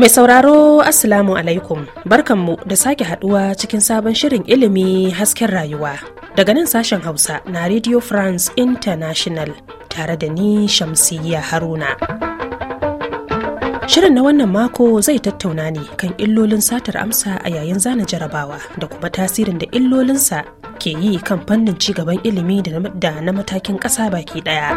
Mai sauraro Assalamu alaikum barkanmu da sake haduwa cikin sabon shirin ilimi hasken rayuwa daga nan sashen Hausa na Radio France International tare da ni Shamsiyya Haruna. Shirin na wannan mako zai tattauna ne kan illolin satar amsa a yayin zana jarabawa da kuma tasirin da illolinsa ke yi kan fannin gaban ilimi da na matakin ƙasa baki ɗaya.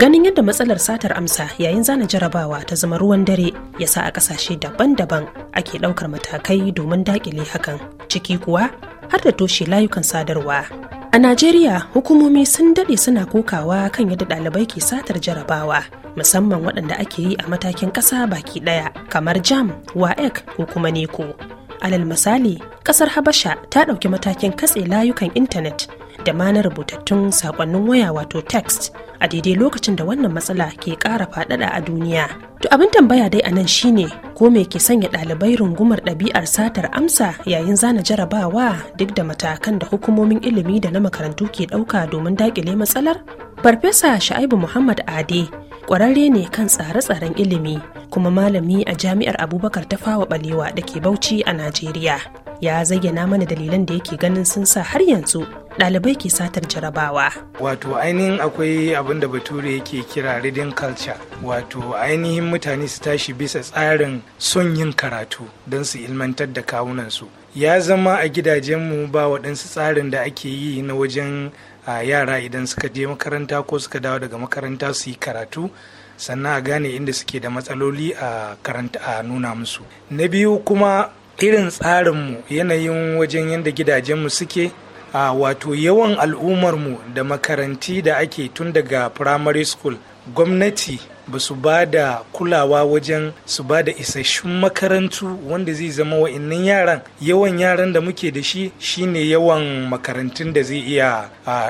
ganin yadda matsalar satar amsa yayin zana jarabawa ta zama ruwan dare ya sa a kasashe daban-daban ake ɗaukar matakai domin daƙile hakan ciki kuwa har da toshe layukan sadarwa a najeriya hukumomi sun daɗe suna kokawa kan yadda ɗalibai ke satar jarabawa musamman waɗanda ake yi a matakin ƙasa baki ɗaya kamar jam waec ko kuma neko alal misali ƙasar habasha ta ɗauki matakin katse layukan intanet da ma na rubutattun saƙonnin waya wato text a daidai lokacin da wannan matsala ke ƙara faɗaɗa a duniya. To abin tambaya dai a nan shine ko me ke sanya ɗalibai rungumar ɗabi'ar satar amsa yayin zana jarabawa duk da matakan da hukumomin ilimi da na makarantu ke ɗauka domin daƙile matsalar? Farfesa Sha'ibu Muhammad Ade ƙwararre ne kan tsare-tsaren ilimi kuma malami a jami'ar abubakar ta fawa balewa da ke bauchi a najeriya ya zayyana mana dalilan da yake ganin sun sa har yanzu ɗalibai ke satar jarabawa. Wato ainihin akwai abin da bature yake kira reading culture wato ainihin mutane su tashi bisa tsarin son yin karatu don su ilmantar da kawunansu. Ya zama a gidajenmu ba waɗansu tsarin da ake yi na wajen a yara idan suka je makaranta ko suka dawo daga makaranta su yi karatu. sannan a gane inda suke da matsaloli a karanta a nuna musu na biyu kuma irin tsarinmu yanayin wajen yadda gidajenmu suke a wato yawan al'ummarmu da makaranti da ake tun daga primary school gwamnati ba su ba da kulawa wajen su ba da isasshun makarantu wanda zai zama wa'annan yaran yawan yaran da muke da shi shine yawan makarantun da zai iya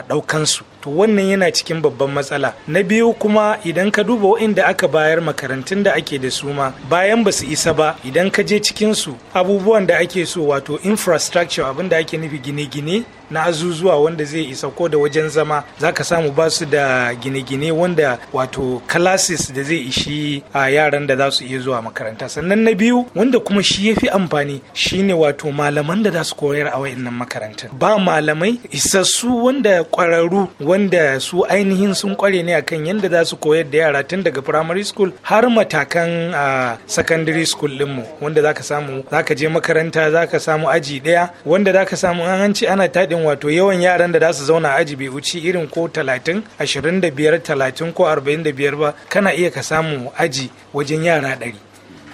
ɗaukansu to wannan yana cikin babban matsala na biyu kuma idan ka duba inda aka bayar makarantun da ake da su ma bayan ba su isa ba idan ka je cikinsu abubuwan da ake so wato infrastructure abin da ake nufi gine-gine na azuzuwa wanda zai isa ko da wajen zama zaka samu ba su da gine-gine wanda wato classes da zai ishi a yaran da za su iya zuwa makaranta sannan na biyu wanda kuma shi ya fi amfani shine wato malaman da za su koyar a wayannan makarantar ba malamai isassu wanda kwararru wanda su ainihin sun kware ne akan yadda za su koyar da yara tun daga primary school har matakan a secondary school mu wanda zaka samu za ka je makaranta za ka samu aji daya wanda za ka samu an hanci ana taɗin wato yawan yaran da za su zauna aji bai wuci irin ko 30 25 30 ko 45 ba kana iya ka samu aji wajen yara ɗari.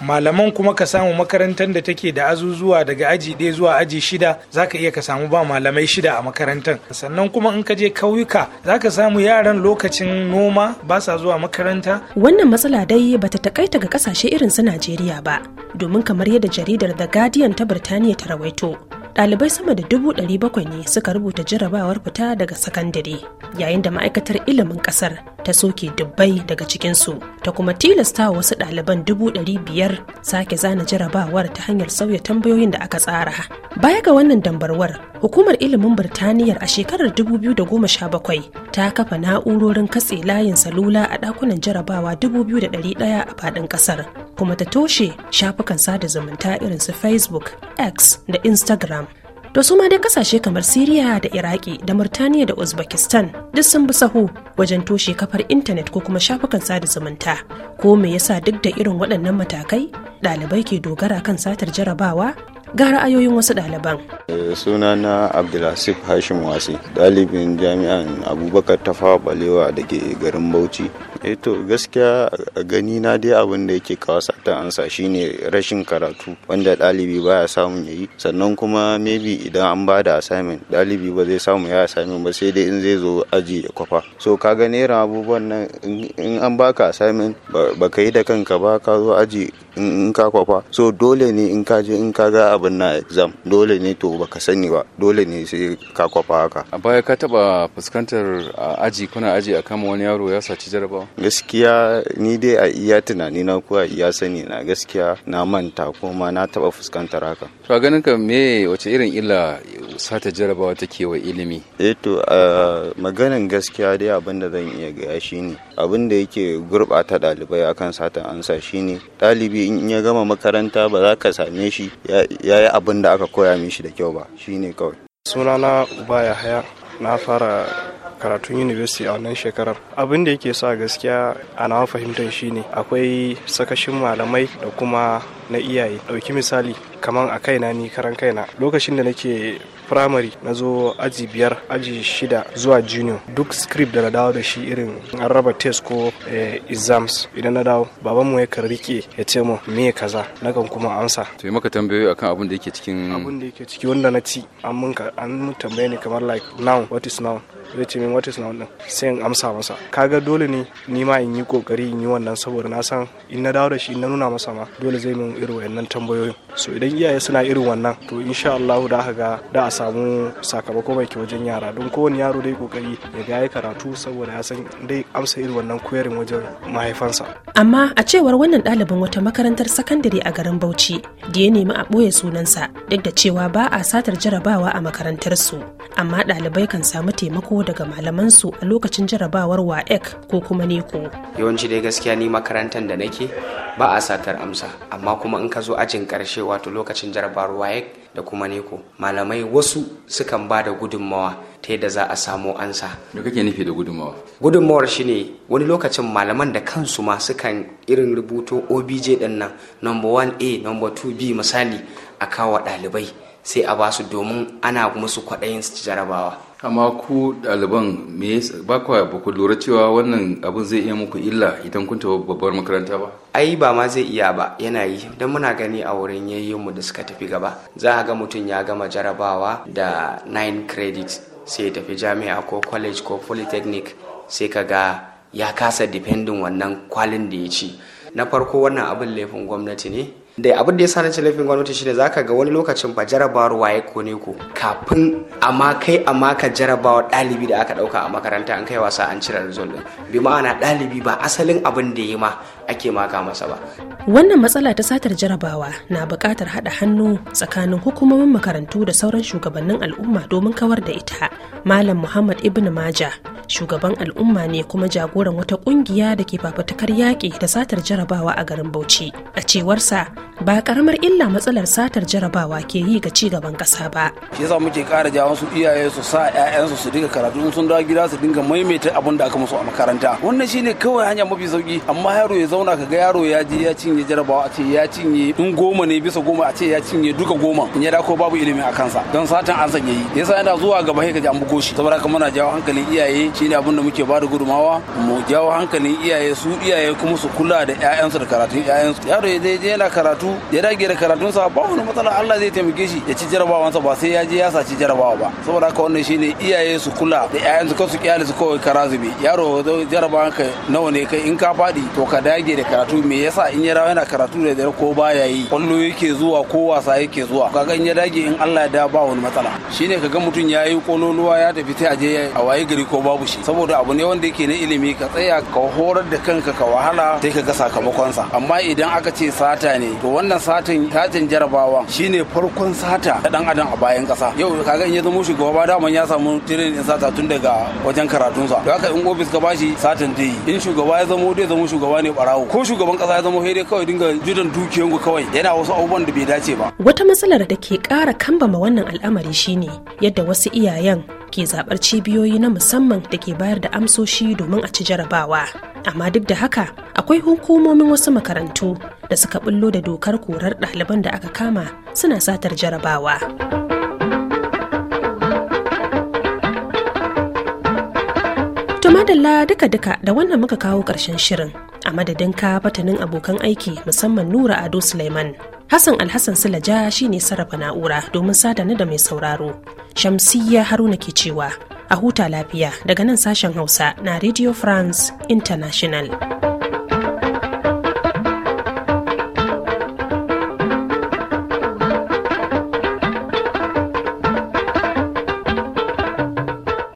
malaman kuma ka samu makarantar da take da azuzuwa daga aji ɗaya zuwa aji shida za ka iya ka samu ba malamai shida a makarantar sannan kuma in ka je kauyuka za ka samu yaran lokacin noma ba sa zuwa makaranta wannan matsala dai ta takaita ga kasashe irin su najeriya ba domin kamar yadda jaridar the guardian ta birtaniya ta rawaito Dalibai sama da dubu ɗari bakwai ne suka rubuta jarabawar fita daga sakandare yayin da ma'aikatar ilimin ƙasar ta soke dubbai daga cikinsu ta kuma tilasta wasu ɗaliban dubu ɗari biyar sake zana jarabawar ta hanyar sauya tambayoyin da aka tsara baya ga wannan dambarwar hukumar ilimin birtaniyar a shekarar 2017 ta kafa na'urorin katse layin salula a ɗakunan jarabawa 2,100 a faɗin ƙasar kuma ta toshe shafukan sada zumunta irin su facebook x da instagram to su ma dai kasashe kamar siriya da iraki da murtaniya da uzbekistan duk sun bi sahu wajen toshe kafar intanet ko kuma shafukan sada zumunta ko me yasa duk da irin waɗannan matakai ɗalibai ke dogara kan satar jarabawa ga ra'ayoyin wasu ɗaliban. Eh, sunana abdulhasif hashim wasi ɗalibin jami'an abubakar fawa balewa da ke garin bauchi eto eh gaskiya gani na dai abin da yake kawo sata ansa shine rashin karatu wanda ɗalibi baya samun yayi sannan kuma maybe idan an ba da assignment ɗalibi ba zai samu ya assignment ba sai dai in zai zo aji ya kwafa so ka ga abubuwan nan in an baka assignment ba ka yi da kanka ba ka zo aji in ka kwafa so dole ne in ka je in ka ga abin na exam dole ne to baka sani ba dole ne sai ka kwafa haka a baya ka taba fuskantar aji kuna aji a kama wani yaro ya saci jarabawa gaskiya ni dai a iya tunani na ko a iya sani na gaskiya na manta kuma na taba fuskantar haka to ganin ka me wace irin illa sata jarabawa take wa ilimi eh to a maganin gaskiya dai abin da zan iya gaya ne abin da yake gurɓata ɗalibai akan sata ansa shine ɗalibi in ya gama makaranta ba za ka same shi ya yi abin da aka koya mishi da kyau ba shine kawai Suna na baya haya na fara karatun university a wannan shekarar abin da yake sa gaskiya a nawa fahimtar shine akwai sakashin malamai da kuma na iyaye ɗauki misali kamar a kaina ni karan kaina lokacin da nake primary na zo aji biyar aji shida zuwa junior duk script da na dawo da shi irin an raba test ko eh, exams idan na dawo babanmu ya rike ya ce mu me kaza na kan kuma amsa to yi maka tambayoyi akan abin da yake cikin abin da yake ciki wanda na ci an mun tambaye ni kamar like now what is now zai ce min what is din sai in amsa masa kaga dole ne ni ma in yi kokari in yi wannan saboda na san in na dawo da shi in na nuna masa ma dole zai min irin wannan tambayoyin so idan iyaye suna irin wannan to insha Allah da ga da a samu sakamako mai kyau wajen yara don kowane yaro dai kokari ya ga ya karatu saboda ya san dai amsa irin wannan koyarin wajen mahaifansa amma a cewar wannan ɗalibin wata makarantar sakandare a garin Bauchi da ya nemi a ɓoye sunansa duk da cewa ba a satar jarabawa a makarantar su amma ɗalibai kan samu taimako daga daga malamansu a lokacin jarabawar waec ko kuma neko yawanci dai gaskiya ni makarantar da nake ba a satar amsa amma kuma in ka zo ajin karshe wato lokacin jarabawar waec da kuma neko malamai wasu sukan ba da gudunmawa ta yadda za a samo ansa. Me kake nufi da gudunmawa? Gudunmawar shine wani lokacin malaman da kansu ma sukan irin rubuto OBJ din nan number 1A number 2B misali a kawo ɗalibai. sai a basu domin ana musu kwaɗayin su jarabawa amma ku ɗaliban me ba ku ba ku lura cewa wannan abin zai iya muku illa idan kun tafi babbar makaranta ba ai ba ma zai iya ba yana yi don muna gani a wurin mu da suka tafi gaba za a ga mutum ya gama jarabawa da 9 credit sai ya tafi jami'a ko college ko polytechnic sai ka ga ya kasa dependin wannan kwalin da ya ci na farko wannan abin laifin gwamnati ne da abin da ya sa nace laifin gwamnati shine zaka ga wani lokacin ba jarabawar waye ko ne ko kafin amma kai amma ka jarabawa ɗalibi da aka ɗauka a makaranta an kai wasa an cire result din bi ma'ana ɗalibi ba asalin abin da ya ma ake maka masa ba wannan matsala ta satar jarabawa na buƙatar haɗa hannu tsakanin hukumomin makarantu da sauran shugabannin al'umma domin kawar da ita Malam Muhammad Ibn Maja shugaban al'umma ne kuma jagoran wata kungiya da ke fafutukar yaƙi da satar jarabawa a garin Bauchi. A cewarsa ba karamar illa matsalar satar jarabawa ke yi ga cigaban ƙasa ba. Shi yasa muke ƙara jawo su iyaye su sa 'ya'yansu su dinga karatu sun dawo gida su dinga maimaita abin da aka musu a makaranta. Wannan shine kawai hanya mafi sauki amma yaro ya zauna ka yaro ya je ya cinye jarabawa a ce ya cinye in goma ne bisa goma a ce ya cinye duka goma in ya dako babu ilimi a kansa don satan an sanya yi. Yasa yana zuwa gaba sai ka ji an ɗauko shi saboda haka muna jawo hankalin iyaye shine abin da muke bada gudumawa mu jawo hankalin iyaye su iyaye kuma su kula da ƴaƴansu da karatun ƴaƴansu yaro ya je yana karatu ya dage da karatunsa ba wani matsala Allah zai taimake shi ya ci jarabawansa ba sai ya je ya saci jarabawa ba saboda haka wannan shine iyaye su kula da ƴaƴansu kansu kyale su kawai kara zube yaro jarabawan ka nawa ne kai in ka fadi to ka dage da karatu me yasa in ya rawa yana karatu da dare ko baya yi kwallo yake zuwa ko wasa yake zuwa kaga in ya dage in Allah ya da ba wani matsala shine kaga mutum ya yi kololuwa ya tafi ta aje a waye gari ko babu shi saboda abu ne wanda yake na ilimi ka tsaya ka horar da kanka ka wahala sai ka ga sakamakonsa amma idan aka ce sata ne to wannan satin tajin jarabawa shine farkon sata da dan adam a bayan kasa yau kaga in ya zama shugaba daman ya samu tirin din sata tun daga wajen karatun sa. to haka in office ka bashi satin dai in shugaba ya zama dai zama shugaba ne barawo ko shugaban kasa ya zama dai kawai dinga judan dukiyan ku kawai yana wasu abubuwan da bai dace ba wata matsalar da ke kara kambama wannan al'amari shine yadda wasu iyayen ke zaɓar cibiyoyi na musamman da ke bayar da amsoshi domin a ci jarabawa. Amma duk da haka, akwai hukumomin wasu makarantu da suka bullo da dokar korar ɗaliban da aka kama suna satar jarabawa. madalla duka-duka da wannan muka kawo ƙarshen shirin a madadin ka fatanin abokan aiki musamman nura ado suleiman hassan alhassan shi ne sarrafa na'ura domin sada na da mai sauraro shamsiyya haruna ke cewa a huta lafiya daga nan sashen hausa na radio france international